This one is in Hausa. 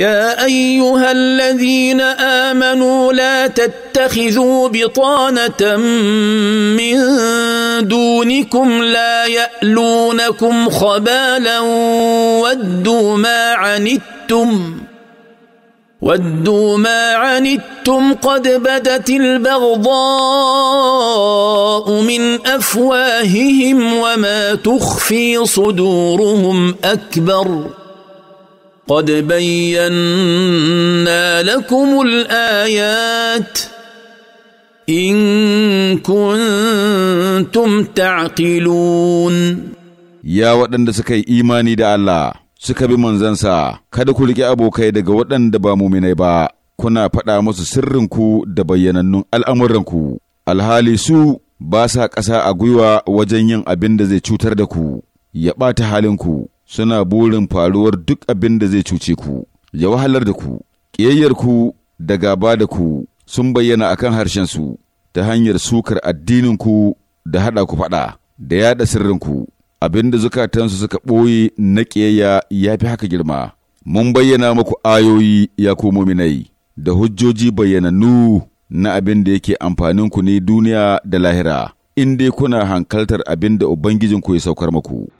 يا ايها الذين امنوا لا تتخذوا بطانه من دونكم لا يالونكم خبالا ودوا ما عنتم ودوا ما عنتم قد بدت البغضاء من افواههم وما تخفي صدورهم اكبر قد بينا لكم الايات ان كنتم تعقلون يا waɗanda suka yi imani da Allah suka bi manzansa kada ku riƙe abokai daga waɗanda ba muminai ba kuna faɗa musu sirrinku da bayyanannun al'amuranku alhali su ba sa ƙasa a gwiwa wajen yin abin da zai cutar da ku ya ɓata halinku suna burin faruwar duk abin da zai cuce ku, ya wahalar da ku, ƙiyayyarku da gaba da ku sun bayyana a kan harshensu ta hanyar sukar addininku da haɗa ku faɗa da yaɗa sirrinku, abin da zukatansu suka ɓoye na ƙiyayya ya fi haka girma. Mun bayyana muku ayoyi ya komo minai da hujjoji bayyananu na abin da yake amfaninku ne duniya da lahira, in dai kuna hankaltar abin da Ubangijinku ya saukar muku.